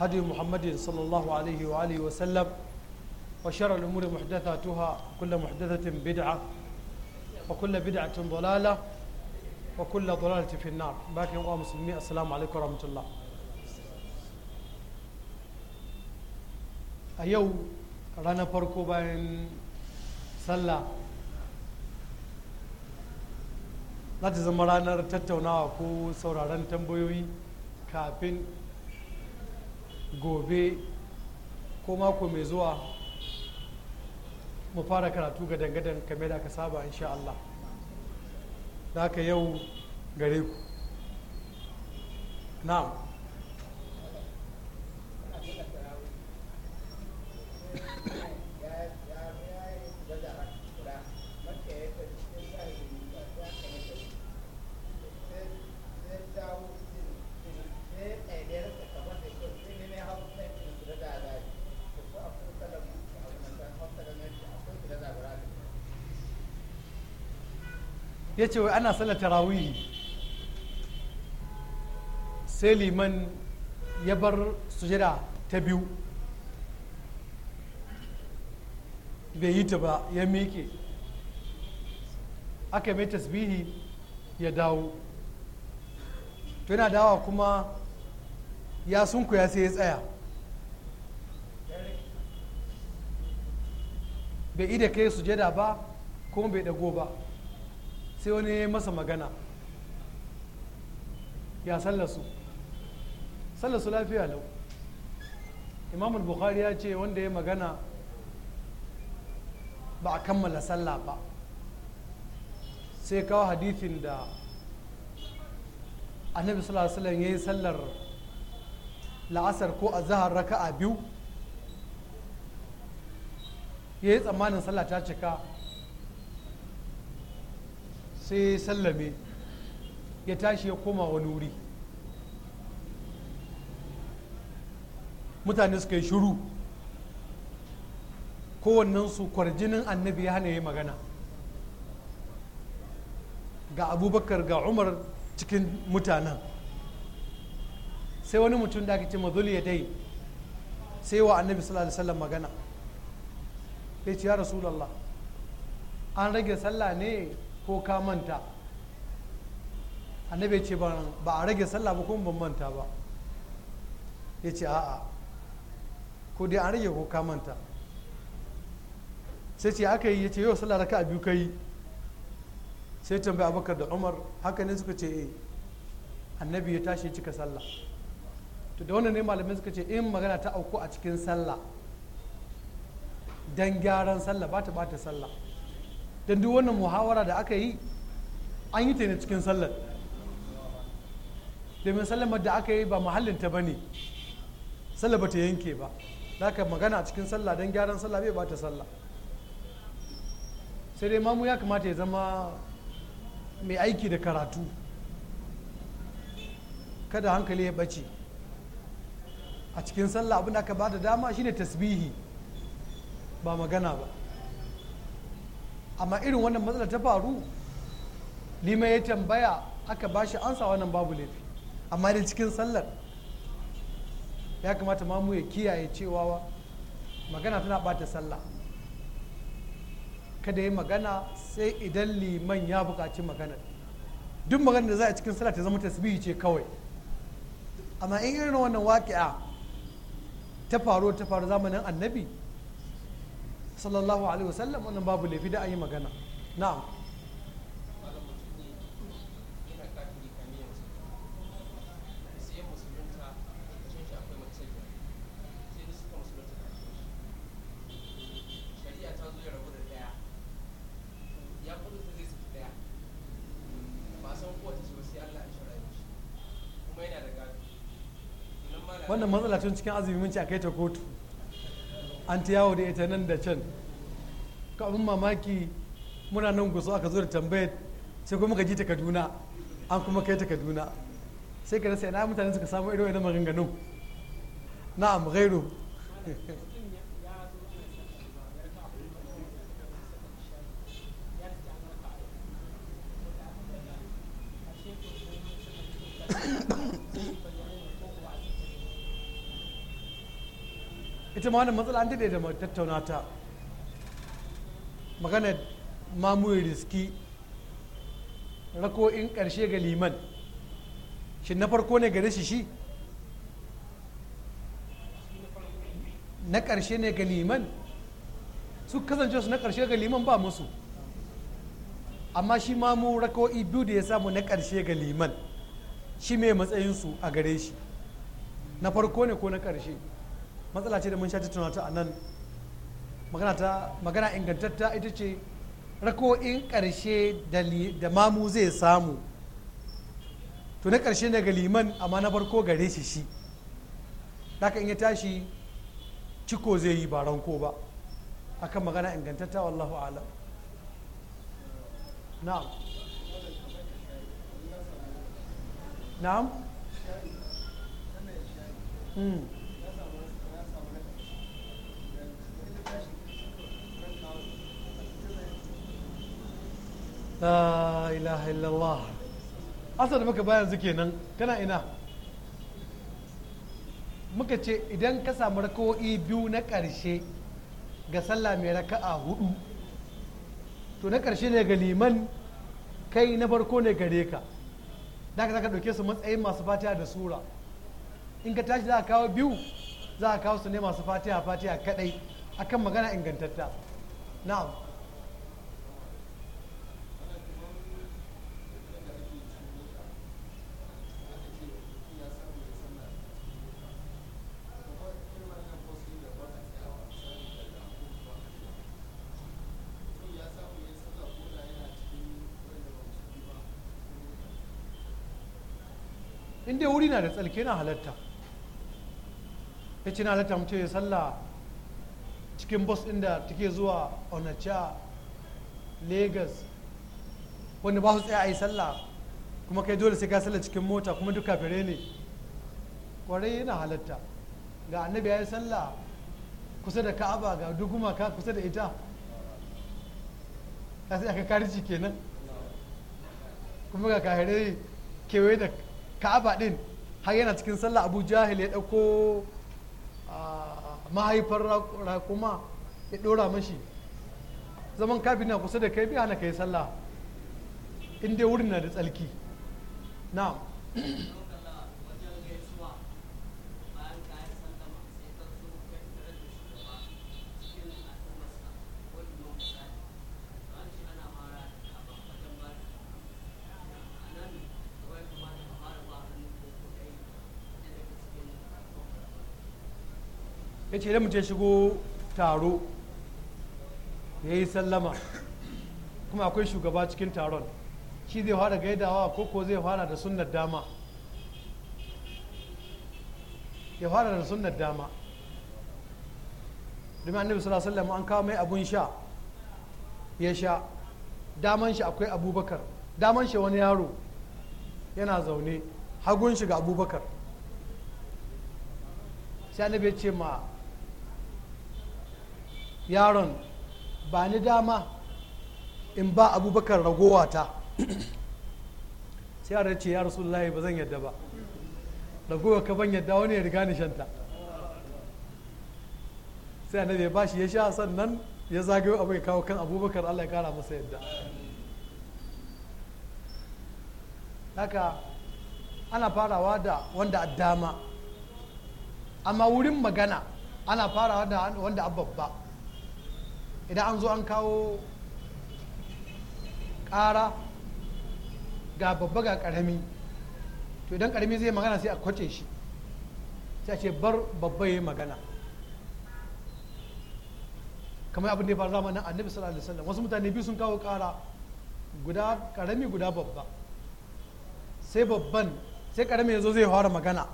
هدي محمد صلى الله عليه وآله وسلم وشر الأمور محدثاتها كل محدثة بدعة وكل بدعة ضلالة وكل ضلالة في النار باقي أمة مسلمين السلام عليكم ورحمة الله أيو رانا فرقو بين sallah za ta zama ranar tattaunawa ko sauraron tambayoyi kafin gobe ko mako mai zuwa mu fara karatu ga dangadan kame da aka saba insha Allah da yau gare ku na'am ya ce wai ana sallar tarawihi sai liman ya bar sujada ta biyu bai yi ta ba ya miƙe aka mai tasbihi ya dawo to yana dawa kuma ya sunkuya sai ya tsaya bai ida kai sujada ba kuma bai dago ba sai wani ya masa magana ya sallasu sallasu lafiya lau imamul bukhari ya ce wanda ya magana ba a kammala sallah ba sai kawo hadithin da annabi sallallahu ya yi sallar la'asar ko a zahar raka'a biyu ya yi tsammanin sallah ta cika sai ya sallame ya tashi ya koma wani wuri mutane suka yi shiru kowannensu kwarjinin annabi ya hana ya magana ga abubakar ga umar cikin mutanen sai wani mutum da aka ce mazuli ya dai sai wa annabi sallallahu alaihi wasallam magana ya ce ya rasulallah an rage sallah ne ko ka manta annabi ce ba a rage sallah ba kuma ban manta ba ya ce a'a ko dai an rage ko ka manta sai ce aka yi ya ce yau sallah raka a biyu ka yi sai tambaya abubakar da umar haka ne suka ce eh. annabi ya tashi cika sallah to da wannan ne malamai suka ce in magana ta auku a cikin sallah dan gyaran sallah ba ta bata sallah don duk wannan muhawara da aka yi an yi ta ne cikin sallar domin sallar da aka yi ba ta ba ne sallar ba ta yanke ba za ka magana a cikin sallah don gyaran sallah bai bata sallah sai dai mamu ya kamata ya zama mai aiki da karatu kada hankali ya ɓace a cikin sallah abin da aka ba da dama shine tasbihi ba magana ba amma irin wannan matsala ta faru lima ya tambaya aka ba shi ansa wannan babu laifi amma dai cikin sallar ya kamata mamu ya kiyaye cewa magana tana bata sallah kada yi magana sai idan liman ya buƙaci magana duk magana da za a cikin sallah ta zama tasbihi ce kawai amma in irin wannan waƙi'a ta faru ta faru zamanin annabi sallallahu alaihi wasallam wannan babu laifi da a yi magana na'am wannan matsala tun cikin azumi mun ci a kai ta kotu an ta yawo da ita nan da can ka abin mamaki muna nan gusa aka zo da tambayar sai kuma ka ji ta kaduna an kuma kai ta kaduna sai ka nasa ina mutane suka samu irin wani maganganu na'am gairu ita ma wannan matsala an daidai da tattauna ta magana mamuyi riski rako'in karshe ga liman shi na farko ne gare shi shi na karshe ne ga liman su kasance su na karshe ga liman ba musu amma shi mamu rako'i biyu da ya samu na karshe ga liman shi mai matsayinsu a gare shi na farko ne ko na karshe matsala ce da mun sha tattauna ta a nan magana ta magana ingantatta ita ce rako'in ƙarshe da mamu zai samu to na ƙarshe daga liman amma na farko gare shi shi haka in ya tashi ciko zai yi ba ranko ba akan magana ingantatta wallahu alam na'am na'am hmm. la ilaha da muka bayan kenan tana ina muka ce idan ka samu raka'o'i biyu na ƙarshe ga sallah mai raka'a hudu to na ƙarshe ne ga liman kai na farko ne gare ka da ka zaka ɗauke su matsayin masu fatiha da sura in ka tashi za a kawo biyu za a kawo su ne masu fatiha fatiha kadai akan magana ingantatta na'am in dai wuri na da tsalke na halatta ya ce na halatta mutum ya sallah cikin bus ɗin da take zuwa onacha lagos wanda ba su tsaya a yi sallah kuma kai dole sai ka sallah cikin mota kuma duka fere ne kwarai yana halatta ga annabi ya yi sallah kusa da ka'aba ga duguma ka kusa da ita ka sai aka karci kenan kuma ga kahirai kewaye da ka'aba din har yana cikin sallah abu jahil ya ɗauko mahaifar raƙuma ya ɗora mashi zaman kafin na kusa da kai biya na kai sallah in dai wurin na da tsalki Na. ya ce idan mutum shigo taro ya yi sallama kuma akwai shugaba cikin taron shi zai fara gaidawa ko ko zai fara da sunnar dama ya fara da sunnar dama domin annabi sallallahu alaihi an kawo mai abun sha ya sha daman shi akwai abubakar daman shi wani yaro yana zaune hagun shi ga abubakar sai annabi ya ce ma yaron ba ni dama in ba abubakar ragowa ta sai yaron ce ya rasulullahi ba zan yadda ba ragowa ka ban yadda wani ya riga ni shanta sai annabi ya bashi ya sha sannan ya zagayo abu ya kawo kan abubakar allah ya kara masa yadda haka ana farawa da wanda dama amma wurin magana ana farawa da wanda babba. idan an zo an kawo ƙara ga babba ga ƙarami to idan ƙarami zai magana sai a kwace shi sai a ce bar babba ya yi magana kamar abin da ya faru zamanin annabi sallallahu alaihi wasallam wasu mutane biyu sun kawo ƙara guda ƙarami guda babba sai babban sai ƙarami ya zo zai fara magana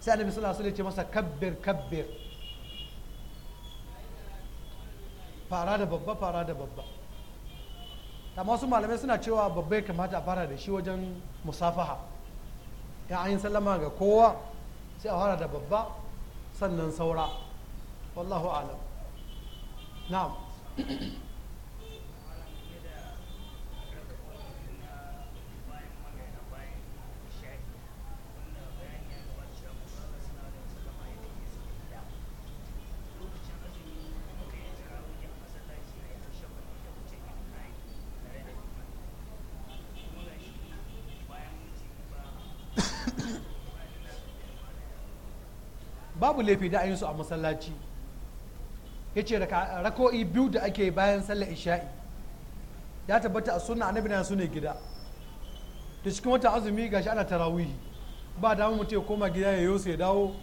sai annabi sallallahu alaihi wasallam ya ce masa kabbir kabbir fara da babba fara da babba ta masu malamai suna cewa babba ya kamata a fara da shi wajen musafaha ya an yi sallama ga kowa sai a fara da babba sannan saura wallahu alam na'am babu laifi da su a masallaci ya ce rako'i biyu da ake bayan sallar isha'i ya tabbata a suna annabi na su ne gida da cikin wata azumi shi ana tarawihi ba damu mutum ya koma gida ya yosa ya dawo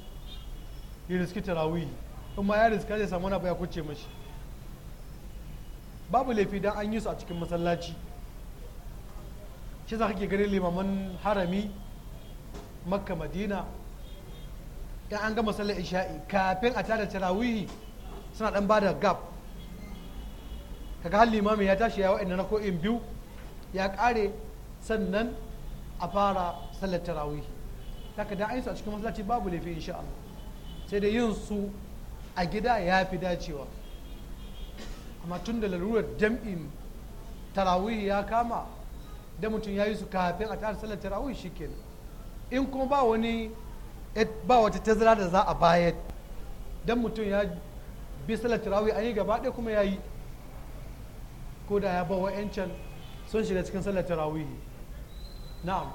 ya riski tarawihi in ma ya riska zai samu wani ya kuce mashi babu laifi dan an yi su a cikin masallaci shi za ka ke ganin limaman harami makka madina in an gama sallar isha'i kafin a tada tarawihi suna dan bada gap kaga har limamin ya tashi ya na koin biyu ya kare sannan a fara sallar tarawihi haka da su a cikin masallaci babu laifi insha Allah sai da yin su a gida ya fi dacewa amma tun da lalurar jam'in tarawihi ya kama da mutum ya yi su kafin a tara sallar tarawihi shikenan in kuma ba wani ba wata tazara da za a bayar don mutum ya bi salar tarawih an yi gaba ɗaya kuma ya yi ko da ya bawa 'yancan sun shiga cikin salar tarawih na'am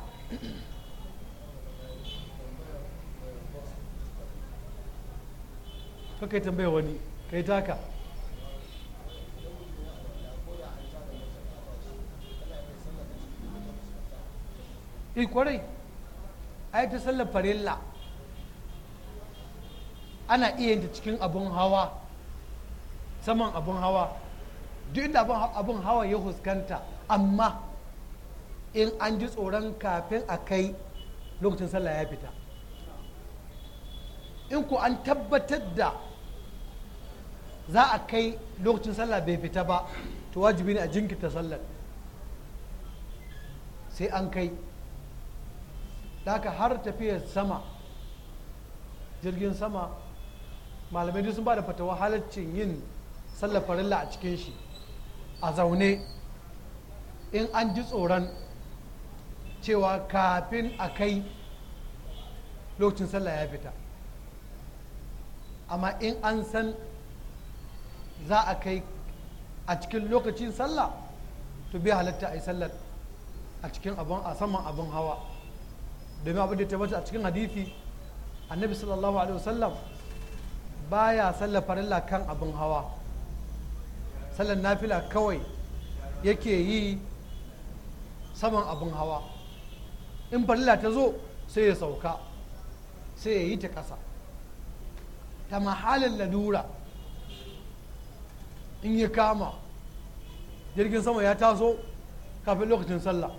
kai tambaya wani kai taka in a yi ta sallar farilla ana iya yin ta cikin abun hawa saman abun hawa duk inda abun hawa ya huskanta amma in an ji tsoron kafin a kai lokacin sallah ya fita in ku an tabbatar da za a kai lokacin sallah bai fita ba to wajibi ne a jinkirta sallar sai an kai da har tafiyar sama jirgin sama malamai duk sun ba da fatawa halaccin yin sallar farilla a cikin shi a zaune in an ji tsoron cewa kafin a kai lokacin sallah ya fita amma in an san za a kai a cikin lokacin sallah to bai halatta a yi sallar a cikin abin a saman abin hawa domin abin da ya tabbata a cikin hadithi annabi sallallahu alaihi wasallam baya sallar farilla kan abin hawa sallar nafila kawai yake yi saman abin hawa in farilla ta zo sai ya sauka sai ya yi ta ƙasa ta mahalin ladura in ya kama jirgin sama ya taso kafin lokacin sallah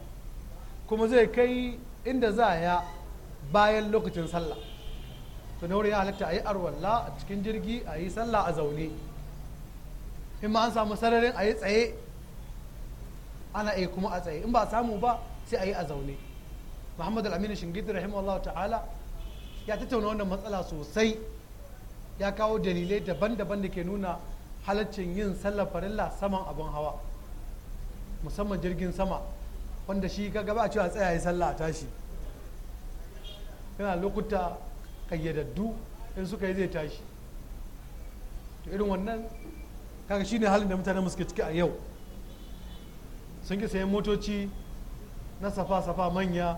kuma zai kai inda za ya bayan lokacin sallah to na ya halatta a yi arwalla a cikin jirgi a yi sallah a zaune in ma an samu sararin a yi tsaye ana yi kuma a tsaye in ba samu ba sai a yi a zaune muhammad al-aminu shingidi rahimahullah ta'ala ya tattauna wannan matsala sosai ya kawo dalilai daban-daban da ke nuna halaccin yin sallar farilla saman abin hawa musamman jirgin sama wanda shi ka gaba a cewa tsaya yi sallah a tashi yana lokuta kayyadaddu in suka yi zai tashi to irin wannan kaga ne halin da mutanen suke ciki a yau sun ki sayan motoci na safa-safa manya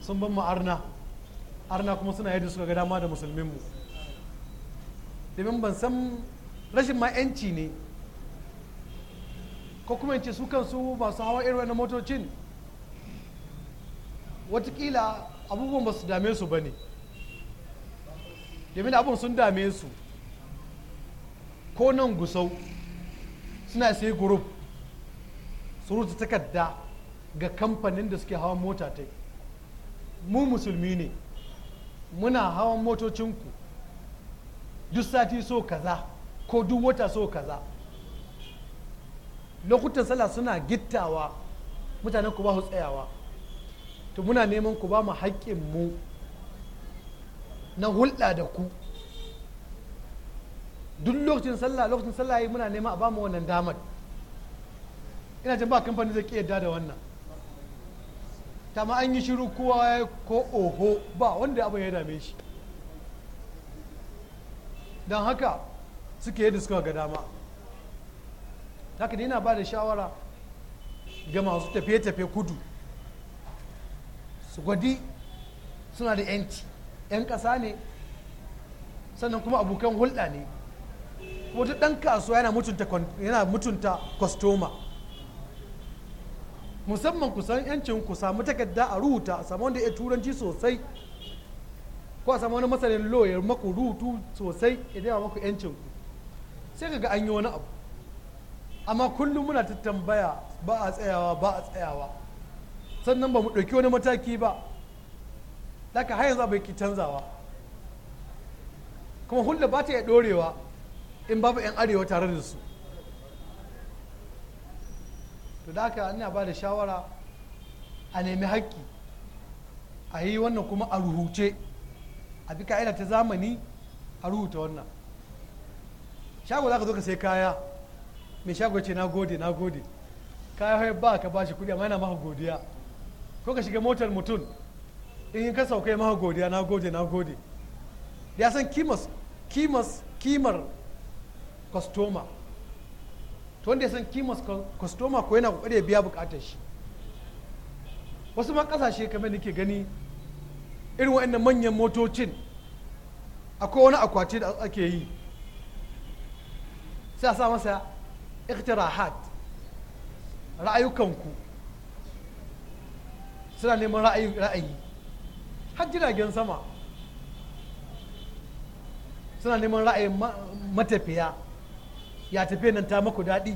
sun ban mu arna arna kuma suna yadda suka ga dama da musulminmu domin ban san rashin ma 'yanci ne ko kuma ce su kansu masu hawa irin na motocin watakila abubuwan ba su dame su ba ne domin abin sun dame su ko nan gusau suna sai group su rubuta takarda ga kamfanin da suke hawan mota ta mu musulmi ne muna hawan motocinku duk sati so kaza ko duk wata so kaza lokutan sallah suna gittawa mutanen ku ba su tsayawa to muna neman ku ba mu haƙƙin mu na hulɗa da ku duk lokacin sallah lokacin sallah yi muna nema a bamu wannan damar ina jin ba kamfani zai ƙi yadda da wannan ta ma an yi shiru kowa ko oho ba wanda abin ya dame shi don haka suke yadda suka ga dama haka yana ba da shawara ga masu tafiye-tafiye kudu su gwadi suna da 'yanci 'yan ƙasa ne sannan kuma abokan hulɗa ne wata ɗan kasuwa yana mutunta yana mutunta kwastoma musamman ku san yancin ku samu takarda a rubuta a samu wanda ya turanci sosai ko a samu wani masanin lo ya maku rubutu sosai ya maku yancin ku sai ga an yi wani abu amma kullum muna ta tambaya ba a tsayawa ba a tsayawa sannan ba mu ɗauki wani mataki ba da ka har yanzu ki canzawa kuma hulɗa ba ta iya ɗorewa in babu 'yan arewa tare da su to da aka ina ba da shawara a nemi haƙƙi a yi wannan kuma a rubuce a bi ka'ida ta zamani a rubuta wannan shago za ka zo ka sai kaya mai shago ce na gode na gode kaya ba ka ba shi kuɗi amma yana maka godiya ko ka shiga motar mutum in ka sauka kai maha godiya na gode na gode ya san kimas kimas kimar kostoma to wanda ya san kimas kostoma ko yana kokari ya biya bukatar shi wasu ma kasashe kamar nake gani irin wa'annan manyan motocin akwai wani akwati da ake yi sai a sa masa iktirahat ra'ayukanku suna neman ra'ayi har jiragen sama suna neman ra'ayin matafiya ya tafiya nan ta maku daɗi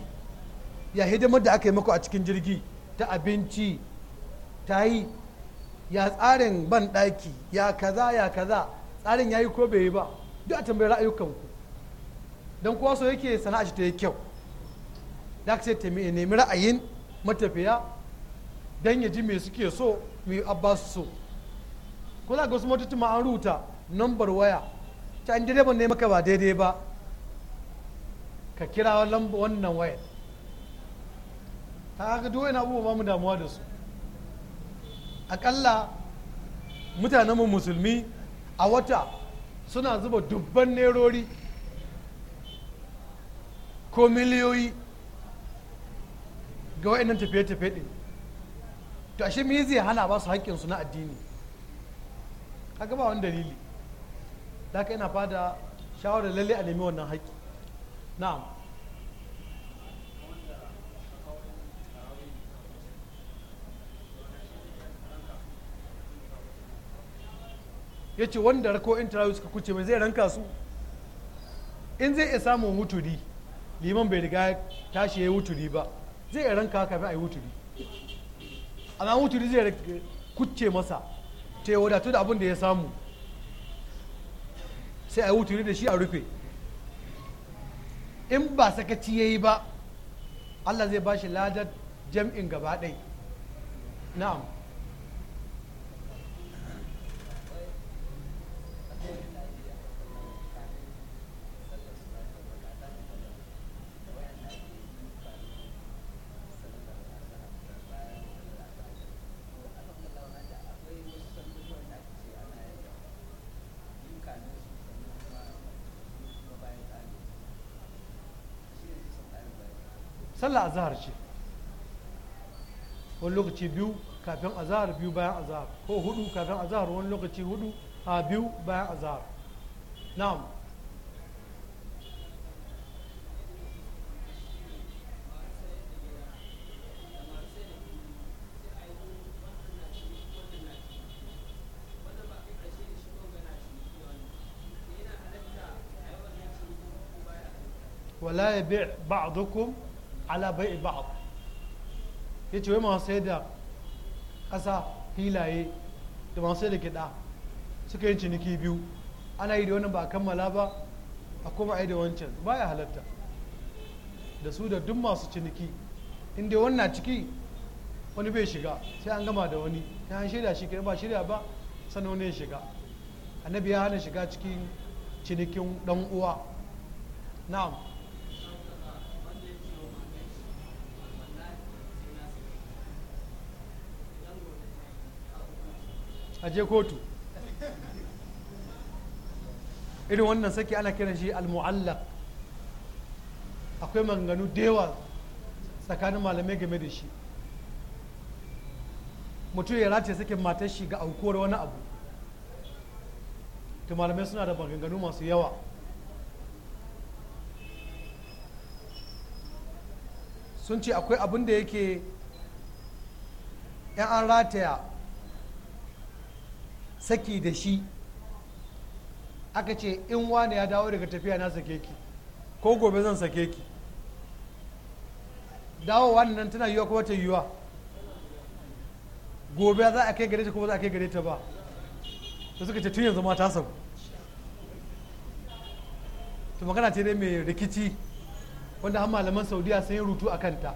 ya hidimar da aka yi maku a cikin jirgi ta abinci ta yi ya tsarin ban ɗaki ya kaza ya kaza tsarin ya yi ko bai yi ba duk a tambayi ra'ayukanku don kuwa so yake sana'a shi ta yi kyau da ce ta nemi ra'ayin matafiya don ya ji me suke so me abba so ko za ga wasu motoci ma an rubuta nambar waya ta in direban ne maka ba daidai ba ka kira wannan waya ta haka duwai na abubuwa mu damuwa da su akalla mutanenmu musulmi a wata suna zuba dubban nerori ko miliyoyi ga wa'annan tafiye-tafiye ɗin to ashe me zai hana ba su haƙƙinsu na addini kaga ba wani dalili da ka yana fada shawarar lalle a nemi wannan haƙƙi na'am ya ce wanda rako in tarawih suka kuce mai zai ranka su in zai iya samun wuturi liman bai riga tashi ya yi wuturi ba zai iya ranka kafin a yi wuturi amma wuturi zai kuce masa ta wadatu da abin da ya samu sai a wuturi da shi a rufe in ba sakaci ya yi ba allah zai ba shi ladar jam'in gaba ɗai na'am سلا أزار شيء واللغة بيو كابين أزار بيو بيع أزار هو هدو كافين أزار واللغة هدو ها آه، بيو بيع أزار نعم ولا يبيع بعضكم ala bai ya ce wai masu sayar da ƙasa filaye da masu yadda kiɗa suka yi ciniki biyu ana yi da wani ba kammala ba a kuma ai da wancan baya halatta da su da duk masu ciniki inda wannan ciki wani bai shiga sai an gama da wani ta an shirya shi ba shirya ba sannan wani ya shiga annabi ya hana shiga cikin cinikin dan uwa na'am a je kotu irin wannan saki ana kiran shi al-mu'allaq akwai manganu dewa tsakanin malamai game da shi mutum ya rataye sake matar shi ga aukuwar wani abu to malamai suna da maganganu masu yawa sun ce akwai abin da yake 'yan an rataya saki da shi aka ce in wane ya dawo daga tafiya na sake ki ko gobe zan sake ki dawowa nan tana yiwa kuma ta yiwa gobe za a kai gare ta kuma za a kai gare ta ba da suka ce tun yanzu ma ta sabu to magana ce dai mai rikici wanda har malaman saudiya sun yi rutu a kanta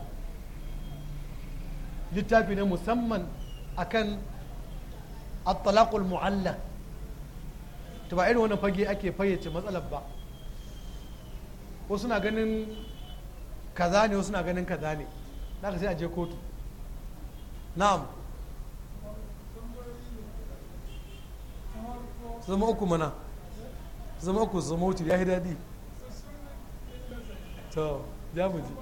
littafi ne musamman akan at-talaqul mu'allaq to ba irin wani fage ake fayyace matsalar ba wasu na ganin kaza ne wasu na ganin kaza ne ka sai a je kotu na'am zama uku mana zama uku zama wuce ya yi daɗi to ya mu ji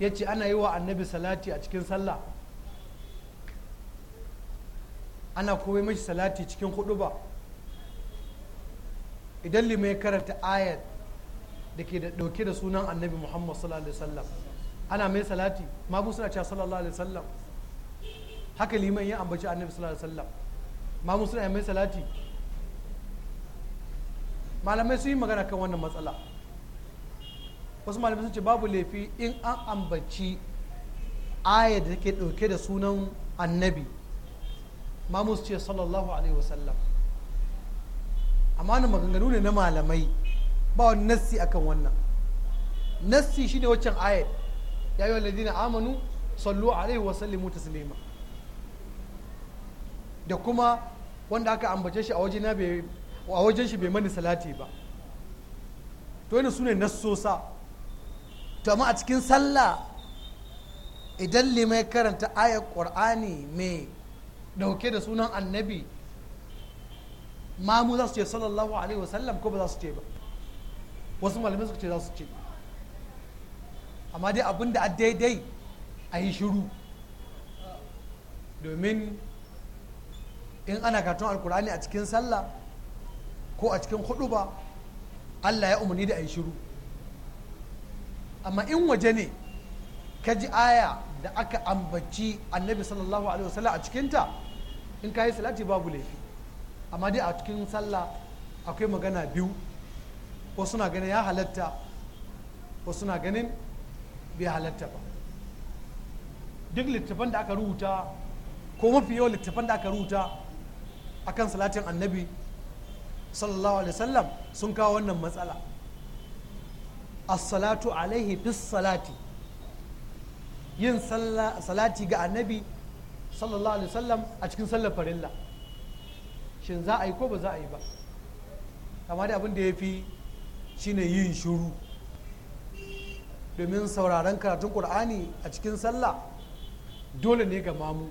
ya ce ana yi wa annabi salati a cikin sallah ana komai mashi salati cikin hudu ba idan limai karanta ayat da ke da dauke da sunan annabi muhammad sallallahu alaihi wasallam ana mai salati mamu suna cewa sallallahu alaihi wasallam haka liman ya ambaci annabi sallallahu alaihi wasallam mamu suna mai salati malamai sun yi magana kan wannan matsala wasu malamai sun ce babu laifi in an ambaci ayar da take ɗauke da sunan annabi musu ce sallallahu alaihi wasallam amma na maganganu ne na malamai ba wani nassi akan wannan nassi ne waccan ayar ya yi waladina amanu sallu alaihi wasallimu taslima da kuma wanda aka ambace shi a wajen shi bai mani salati ba to yana su ne nassosa to a cikin sallah idan limai karanta ayar ƙur'ani mai dauke da sunan annabi mamu za su ce sallallahu alaihi wasallam ko ba za su ce ba wasu malamai suka ce za su ce amma dai abin da daidai a yi shiru domin in ana katon alkur'ani a cikin sallah ko a cikin hudu ba allah ya umarni da a yi shiru amma in waje ne ka ji aya da aka ambaci annabi sallallahu alaihi wasallam a cikinta in ka yi salati babu laifi amma dai a cikin sallah akwai magana biyu ko suna ganin ya halatta ko suna ganin bai halatta ba duk littattafan da aka rubuta ko mafi yawan littattafan da aka rubuta akan salatin annabi sallallahu alaihi wasallam sun kawo wannan matsala as-salatu alaihi bis salati yin salati ga annabi sallallahu alaihi wasallam a cikin sallar farilla shin za a yi ko ba za a yi ba Kamar da abin da ya fi shine yin shuru domin sauraron karatun ƙur'ani a cikin sallah dole ne ga mamu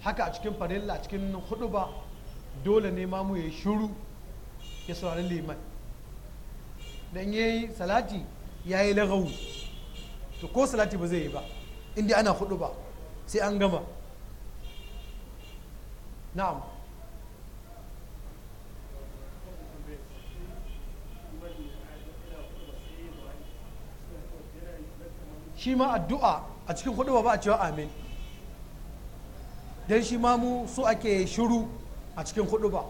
haka a cikin farilla a cikin hudu ba dole ne mamu ya shuru ya saurari liman dan yi salati yi lagawu to ko salati ba zai yi ba inda ana hudu ba sai an gama na'am shi ma addu'a a cikin hudu ba a cewa amin don shi ma mu so ake shiru a cikin hudu ba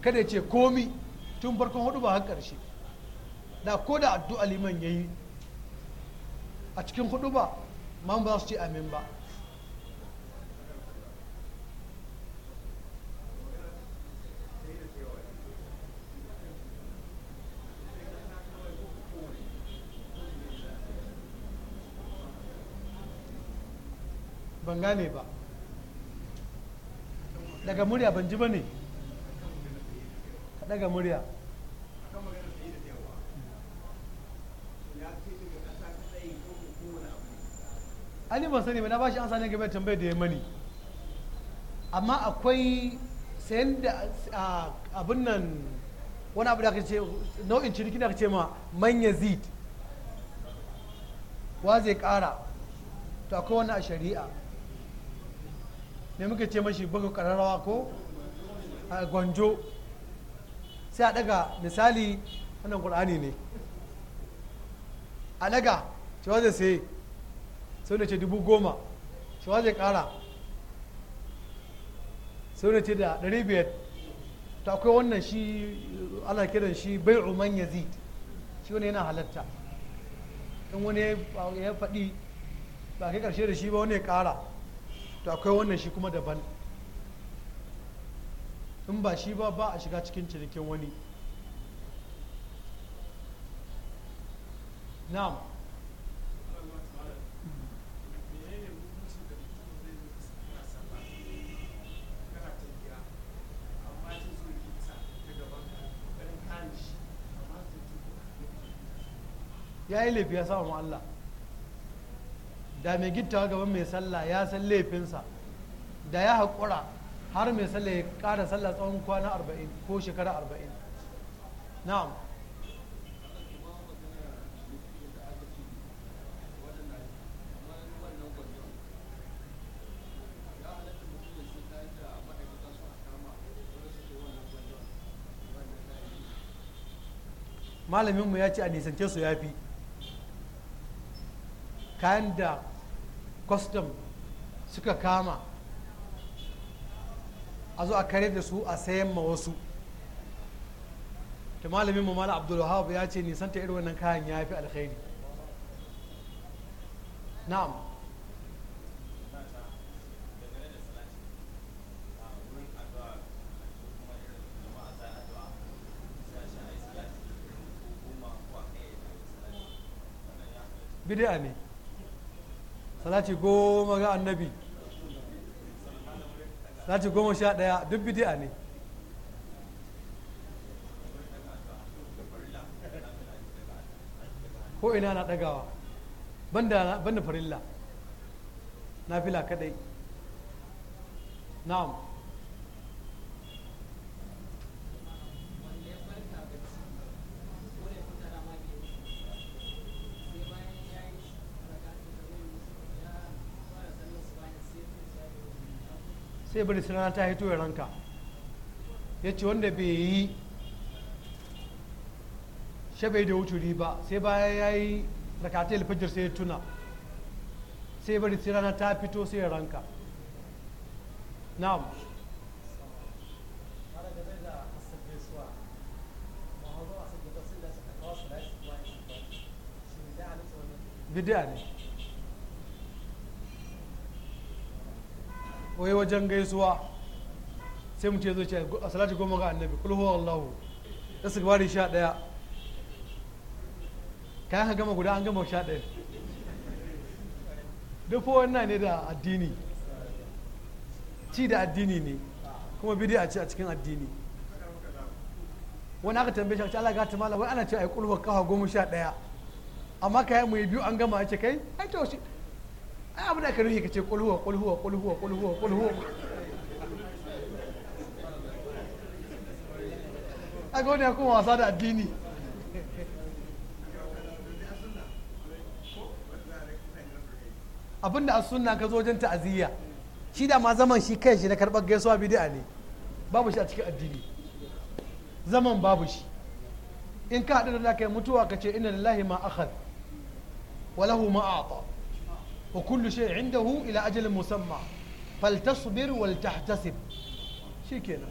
kada ce komi tun farkon hudu ba har karshe da ko da addu'a liman ya yi a cikin hudu ba ma ba su ce amin ba ban gane ba daga murya ban ji ba ne ka daga murya ani ban sani ba na bashi an ne game da tambayar da ya mani amma akwai sayan da abin nan wani abu da aka ce nau'in ciniki da aka ce ma manya zid wa zai kara to akwai wani a shari'a ne muka ce mashi buga kararrawa ko a gwanjo sai a daga misali wannan kur'ani ne a daga cewa zai sai Sau na ce dubu goma su waje kara sau na ce da ɗari biyar ta akwai wannan shi ana kiran shi bai man yazid shi wani yana halatta in wani ya faɗi ba kai ƙarshe da shi ba wani ya ƙara to akwai wannan shi kuma daban in ba shi ba ba a shiga cikin cinikin wani na'am ya yi laifi ya sa mu Allah da mai gittawa gaban mai sallah ya san laifinsa da ya haƙura har mai sallah ya ƙara sallah tsawon kwana arba'in ko shekara arba'in na'am malaminmu ya ce a nisance su ya fi kayan da kwastam suka kama a zo a kare da su a sayan ma wasu ta malamin mu mala abdulwahab ya ce nisan ta irin wannan kayan ya fi alkhairi na'am bid'a ne salati goma ga annabi salati goma sha ɗaya duk bidi'a ne ko ina na ɗagawa banda farilla na fila kaɗai na'am sai bari sinana ta hito ya ranka ya ce wanda bai yi shabai da wuturi ba sai bayan ya yi rakata alfajir sai ya tuna sai bari sinana ta fito sai ya ranka na'am bid'a ne wai wajen gaisuwa sai mu ce zo ce a salati goma ga annabi kul huwa allahu da su gabari sha daya kayan ka gama guda an gama sha daya duk fa wannan ne da addini ci da addini ne kuma a ci a cikin addini wani aka tambaye shi Allah gata mala wai ana ce ai kulwa kafa goma sha daya amma kayan mu biyu an gama ce kai ai to shi abu da ka nufi ka ce kulhuwa kulhuwa kulhuwa kulhuwa kulhuwa a ga wani ya kuma wasa da addini abinda da sunna ka zo wajen ta'aziyya shi da ma zaman shi kai shi na karɓar gaisuwa bidi'a ne babu shi a cikin addini zaman babu shi in ka haɗu da kai mutuwa ka ce inna lillahi ma akhad wa lahu ma a'ta wa kullu inda indahu ila ajalin musamma faltasbir wal tahtasib shikenan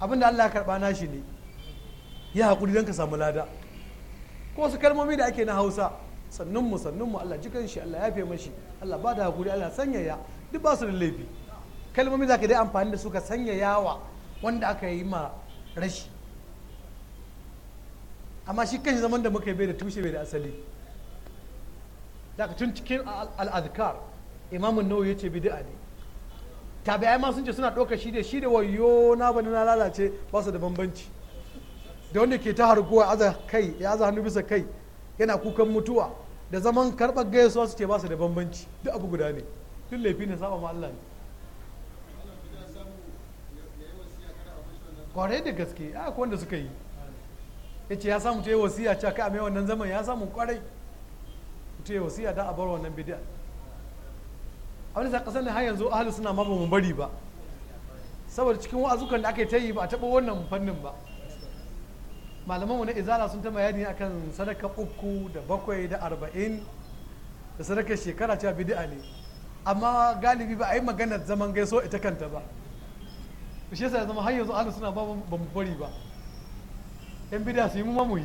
abinda Allah ya karba nashi ne ya hakuri dan ka samu lada ko wasu kalmomi da ake na Hausa sannun mu sannun mu Allah jikan shi Allah yafe mashi Allah ba da hakuri sanyaya duk ba su da laifi kalmomi za ka dai amfani da su sanyayawa wanda aka ma rashi amma shi kan zaman da muka yi bai da tushe da asali daga tun cikin al'adkar imamun nau'i ya ce bid'a ne tabi'ai ma sun ce suna ɗauka shi da shi da wayo na bani na lalace ba su da bambanci da wanda ke ta harguwa aza kai ya aza hannu bisa kai yana kukan mutuwa da zaman karɓar gaya su ce ba su da bambanci duk abu guda ne tun laifi ne saba ma Allah ne kwarai da gaske a wanda suka yi ya ce ya samu ta yi wasiya cakai a mai wannan zaman ya samu kwarai mutum ya wasiya da a bar wannan bidiyar a wani sakasan na har yanzu ahalu suna mamu mun bari ba saboda cikin wa'azukan da aka ta yi ba a taɓa wannan fannin ba malamanmu na izala sun ta bayani akan sadaka uku da bakwai da arba'in da sadaka shekara cewa bidiya ne amma galibi ba a yi maganar zaman gaiso ita kanta ba shi yasa zama har yanzu ahalu suna ba bari ba yan bid'a su yi mu yi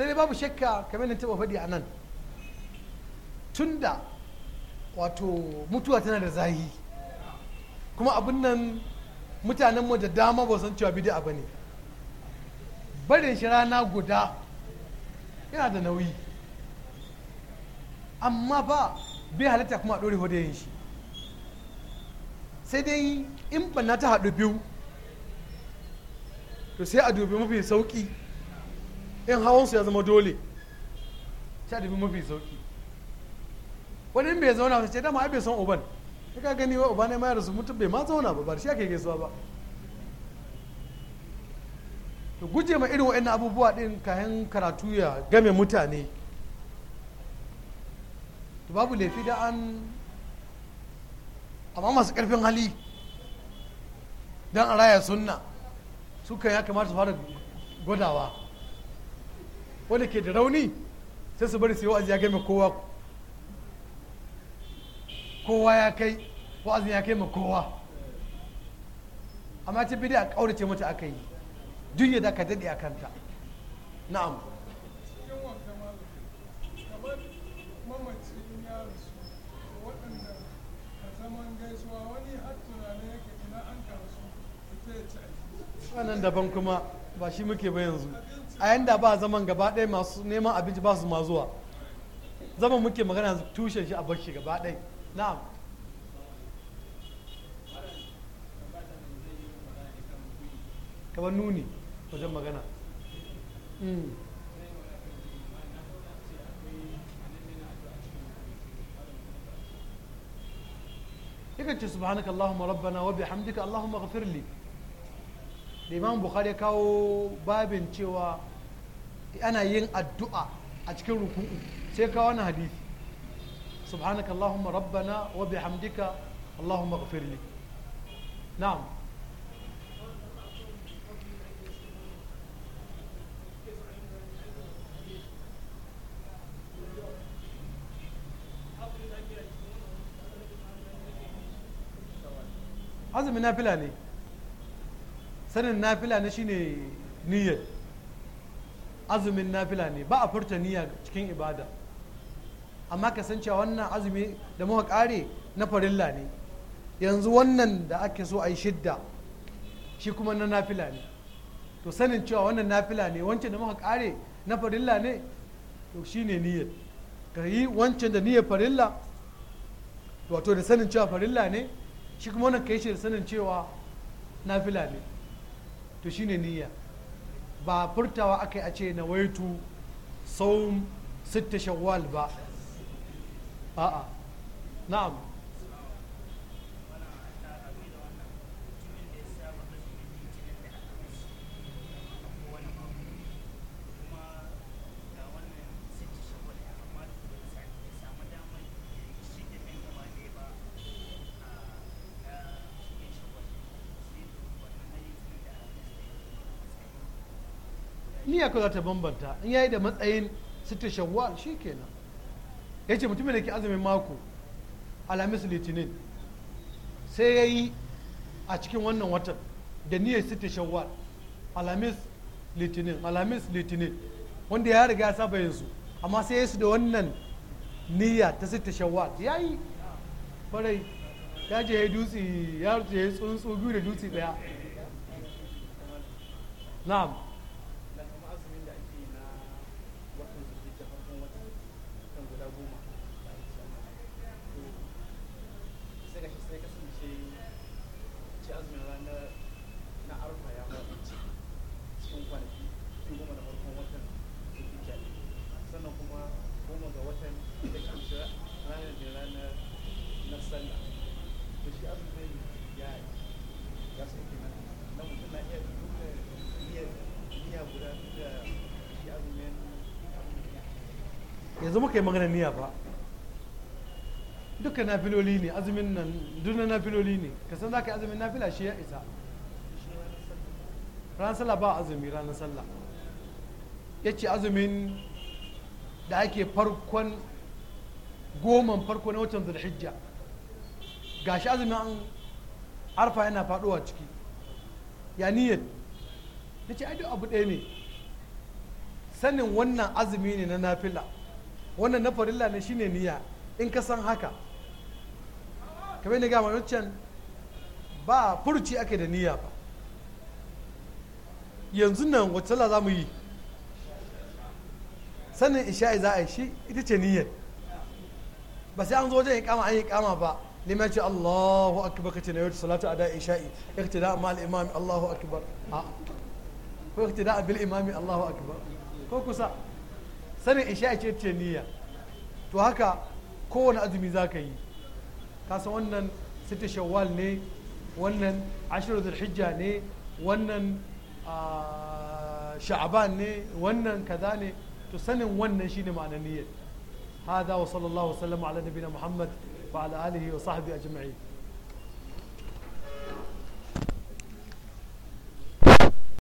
sai dai babu shakka kamar yadda taɓa faɗi a nan tunda wato mutuwa tana da zahi kuma abin nan mutanenmu da dama ba san cewa bid'a ba ne barin shi rana guda yana da nauyi amma ba bai halitta kuma a ɗore hodayen shi sai dai in na ta haɗu biyu to sai a dubi mafi sauƙi in su ya zama dole sha dubi mafi sauki wani in bai zauna su ce dama ai bai san uban ta ka gani wai uba ne ma ya su mutum bai ma zauna ba ba shi ake gaisuwa ba to guje ma irin wa'annan abubuwa din kayan karatu ya game mutane to babu laifi da an amma masu karfin hali don a raya sunna sukan ya kamata su fara gwadawa wanda ke da rauni sai su bari su yi wa'azi ya kai ma kowa kowa ya kai wa'azin ya kai ma kowa amma ta bidiya kaurace mata aka yi duk yadda ka daɗe a kanta na'am wannan daban kuma ba shi muke ba yanzu a yanda ba zaman gaba ɗaya masu neman abinci ba su ma zuwa zaman muke magana tushen shi a bar shi gaba ɗaya na'am kamar nuni wajen magana hmm. yakan ce subhanaka allahumma rabbana wa bihamdika allahumma ghafir da imam bukhari ya kawo babin cewa ana yin addu'a a cikin ruku'u sai kawo wani hadisi subhanaka allahumma rabbana wa bihamdika allahumma ghfirli na'am azumin na fila ne sanin nafila ne shine niyyar azumin nafila ne ba a furta niyya cikin ibada amma ka san cewa wannan azumi da muka kare na farilla ne yanzu wannan da ake so a yi shidda shi kuma na nafila ne to sanin cewa wannan nafila ne wancan da muka kare na farilla ne to shine niyyar ka yi wancan da niyyar farilla wato da sanin cewa farilla ne shi kuma wannan ka yi shi da sanin cewa nafila ne to shine niyya ba furtawa aka yi a ce na waitu saum sitta shawwal ba a'a na'am niyya kawai za ta bambanta in yayi da matsayin sittin shawwal shikenan ce mutumin da ke azumin mako alhamis litinin sai ya yi a cikin wannan watan da niyyar sittin shawwal alhamis litinin alhamis litinin wanda ya riga ya saba yanzu amma sai su da wannan niyya ta sittin shawwal yi farai ya je ya dutse ya yi tsuntsu biyu da dutse daya na'am muka yi maganar niyya ba dukkan nafiloli ne azumin nan duna nafiloli ne ka san za ka yi azumin nafila shi ya isa ranar sallah ba azumi ranar sallah ya ce azumin da ake farkon goman farko na watan zulhijja gashi azumin an arfa yana faduwa ciki ya niyyar na ce abu ɗaya ne sanin wannan azumi ne na nafila wannan na farilla ne shine niyya in ka san haka kamar ne ga wancan ba furci ake da niyya ba yanzu nan wacce la za mu yi sannan isha'i za a yi shi ita ce niyyar ba sai an zo wajen ikama an yi ikama ba lima ce Allahu akbar kace na yau salatu ada isha'i iktida ma al-imam Allahu akbar a ko iktida bil imami Allahu akibar ko kusa sanin isha ce ce niyya to haka kowane azumi za ka yi kasan wannan sita shawwal ne wannan ashirar zulhijja ne wannan sha'aban ne wannan kaza ne to sanin wannan shine ma'anar niyyar hada wa sallallahu wa nabina muhammad wa ala alihi